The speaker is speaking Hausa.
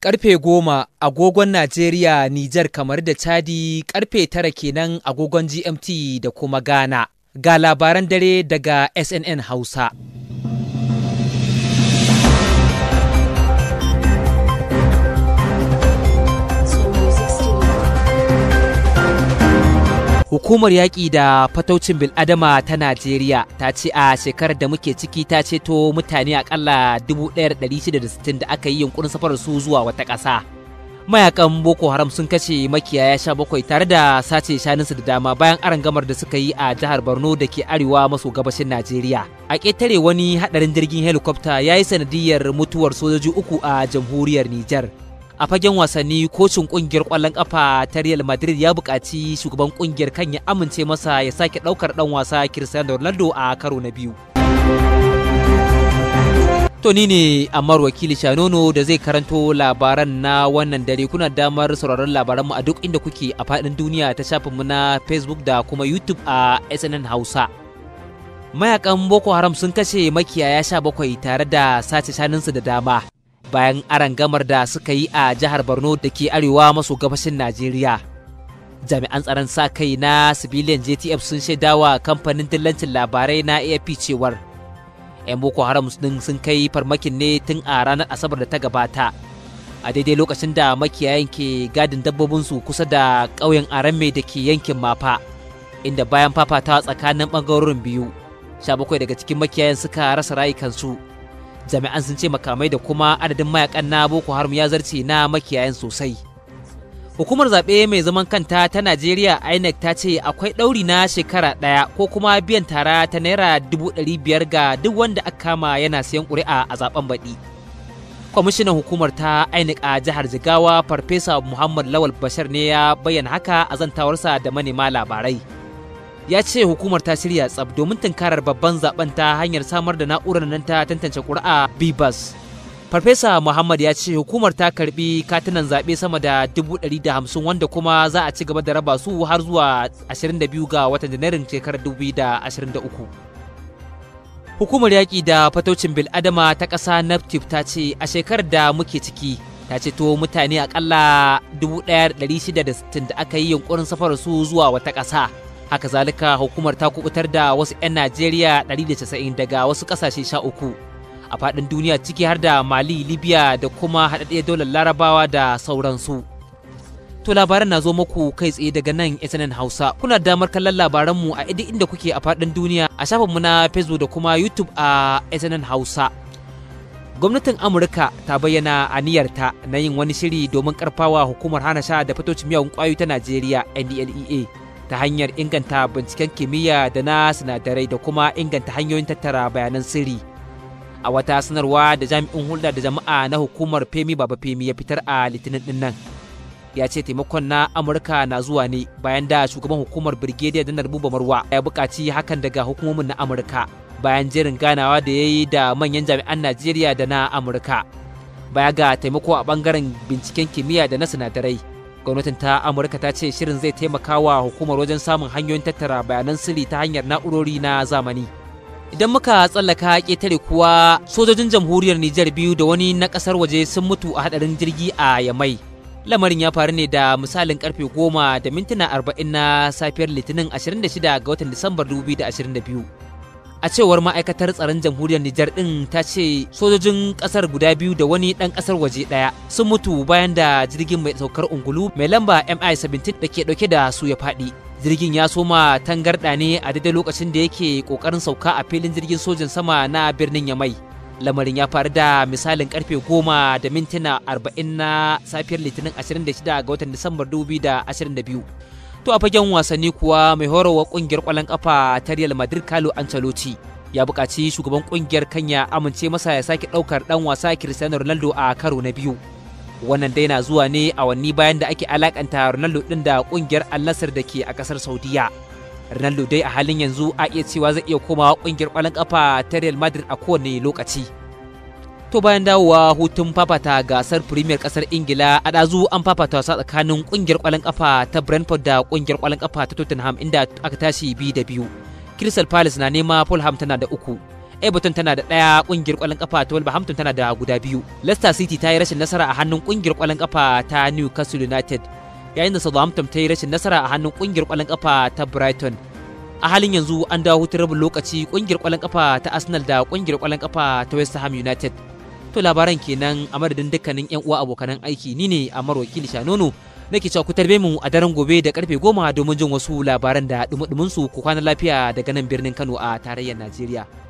Karfe goma agogon Najeriya, Nijar kamar da Chadi karfe tara kenan agogon GMT da kuma Ghana. Ga labaran dare daga SNN Hausa. Hukumar yaƙi da fataucin bil'adama ta Najeriya ta ce a shekarar da muke ciki ta ceto mutane akalla 1,660 da aka yi yunkurin safarar su zuwa wata ƙasa. Mayakan Boko Haram sun kashe makiyaya sha bakwai tare da sace shanunsu da dama bayan gamar da suka yi a jihar Borno da ke arewa maso gabashin Najeriya. A ƙetare wani haɗarin jirgin helikwafta ya yi sanadiyar mutuwar sojoji uku a jamhuriyar Nijar. a fagen wasanni kocin kungiyar kwallon kafa ta Real Madrid ya buƙaci shugaban kungiyar kan ya amince masa ya sake ɗaukar ɗan wasa Cristiano Ronaldo a karo na biyu. To ni ne Amar Wakili Shanono da zai karanto labaran na wannan dare kuna damar sauraron labaran mu a duk inda kuke a faɗin duniya ta mu na Facebook da kuma YouTube a SNN Hausa. Mayakan Boko Haram sun kashe makiyaya 17 tare da sace shanunsu da dama. bayan Gamar da suka yi a jihar borno da ke arewa maso gabashin najeriya jami'an tsaron sa kai na civilian jtf sun shaidawa kamfanin dillancin labarai na afp cewar 'yan boko haram din sun kai farmakin ne tun a ranar asabar da ta gabata a daidai lokacin da makiyayan ke gadin dabbobin su kusa da ƙauyen arame da ke yankin mafa inda bayan fafatawa tsakanin ɓangarorin biyu sha bakwai daga cikin makiyayan suka rasa rayukansu jami'an sun ce makamai da kuma adadin mayakan na boko haram ya zarce na makiyayan sosai hukumar zaɓe mai zaman kanta ta najeriya inec ta ce akwai ɗauri na shekara ɗaya ko kuma biyan tara ta naira dubu ɗari biyar ga duk wanda aka kama yana siyan ƙuri'a a zaɓen baɗi kwamishinan hukumar ta inec a jihar jigawa farfesa muhammad lawal bashar ne ya bayyana haka a zantawarsa da manema labarai ya ce hukumar ta shirya tsab domin tunkarar babban zaben ta hanyar samar da na'urar nan ta tantance ƙuri'a bibas farfesa muhammad ya ce hukumar ta karbi katunan zaɓe sama da 150 wanda kuma za a ci gaba da raba su har zuwa 22 ga watan janairun shekarar 2023 Hukumar yaƙi da fataucin bil'adama ta ƙasa Naftif ta ce a shekarar da muke ciki ta ceto mutane aƙalla 1,660 da aka yi yunƙurin safararsu zuwa wata ƙasa. haka zalika hukumar ta kubutar da wasu 'yan najeriya 190 daga wasu kasashe sha uku a faɗin duniya ciki har da mali libya da kuma haɗaɗɗiyar daular larabawa da sauransu to labaran na zo muku kai tsaye daga nan snn hausa kuna damar kallon labaran mu a idin inda kuke a faɗin duniya a shafinmu na facebook da kuma youtube a snn hausa gwamnatin amurka ta bayyana aniyarta na yin wani shiri domin karfawa hukumar hana sha da fitocin miyagun kwayoyi ta najeriya ndlea e ta hanyar inganta binciken kimiyya da na sinadarai da kuma inganta hanyoyin tattara bayanan sirri a wata sanarwa da jami'in hulɗa da jama'a na hukumar femi baba femi ya fitar a litinin ɗin nan ya ce taimakon na amurka na zuwa ne bayan da shugaban hukumar birgediya da buba marwa ya buƙaci hakan daga hukumomin na amurka bayan jerin ganawa da ya yi da manyan jami'an najeriya da na amurka baya ga taimako a ɓangaren binciken kimiyya da na sinadarai gwamnatin ta amurka ta ce shirin zai taimaka wa hukumar wajen samun hanyoyin tattara bayanan sirri ta hanyar na'urori na zamani idan muka tsallaka ƙetare kuwa sojojin jamhuriyar nijar biyu da wani na ƙasar waje sun mutu a haɗarin jirgi a yamai lamarin ya faru ne da misalin karfe goma da mintuna arba'in na safiyar litinin 26 ga watan disambar 2022 a cewar ma'aikatar tsaron jamhuriyar Nijar ɗin ta ce sojojin ƙasar guda biyu da wani ɗan kasar waje ɗaya sun mutu bayan da jirgin mai saukar ungulu mai lamba MI-17 da ke dauke da su ya faɗi. Jirgin ya soma tangarda ne a daidai lokacin da yake kokarin sauka a filin jirgin sojin sama na birnin Yamai. Lamarin ya faru da misalin karfe goma da mintuna arba'in na safiyar Litinin 26 ga watan Disambar 2022. To a fagen wasanni kuwa mai horarwa kungiyar kwallon kafa ta Real Madrid Carlo Ancelotti ya buƙaci shugaban kungiyar Kenya amince masa ya sake ɗaukar ɗan wasa Cristiano Ronaldo a karo na biyu. Wannan dai na zuwa ne a wanni bayan da ake alakanta Ronaldo ɗin da kungiyar Al Nassr da ke a ƙasar Saudiya. Ronaldo dai a halin yanzu a iya cewa zai iya komawa kungiyar kwallon kafa ta Real Madrid a kowane lokaci. to bayan dawowa hutun fafata gasar premier kasar ingila a ɗazu an fafata wasa tsakanin ƙungiyar ƙwallon ƙafa ta brentford da ƙungiyar ƙwallon ƙafa ta tottenham inda aka tashi bi da biyu crystal palace na nema fulham tana da uku everton tana da ɗaya ƙungiyar ƙwallon ƙafa ta wolverhampton tana da guda biyu leicester city ta yi rashin nasara a hannun ƙungiyar ƙwallon ƙafa ta newcastle united yayin da southampton ta yi rashin nasara a hannun ƙungiyar ƙwallon ƙafa ta brighton a halin yanzu an dawo hutun rabin lokaci ƙungiyar ƙwallon kafa ta arsenal da ƙungiyar ƙwallon kafa ta west ham united to labaran kenan a madadin dukkanin yan uwa abokan aiki ni ne a wakili shanono nake cewa ku tarbe mu a daren gobe da karfe goma domin jin wasu labaran da dumudumin su ku kwana lafiya daga nan birnin kano a tarayyar najeriya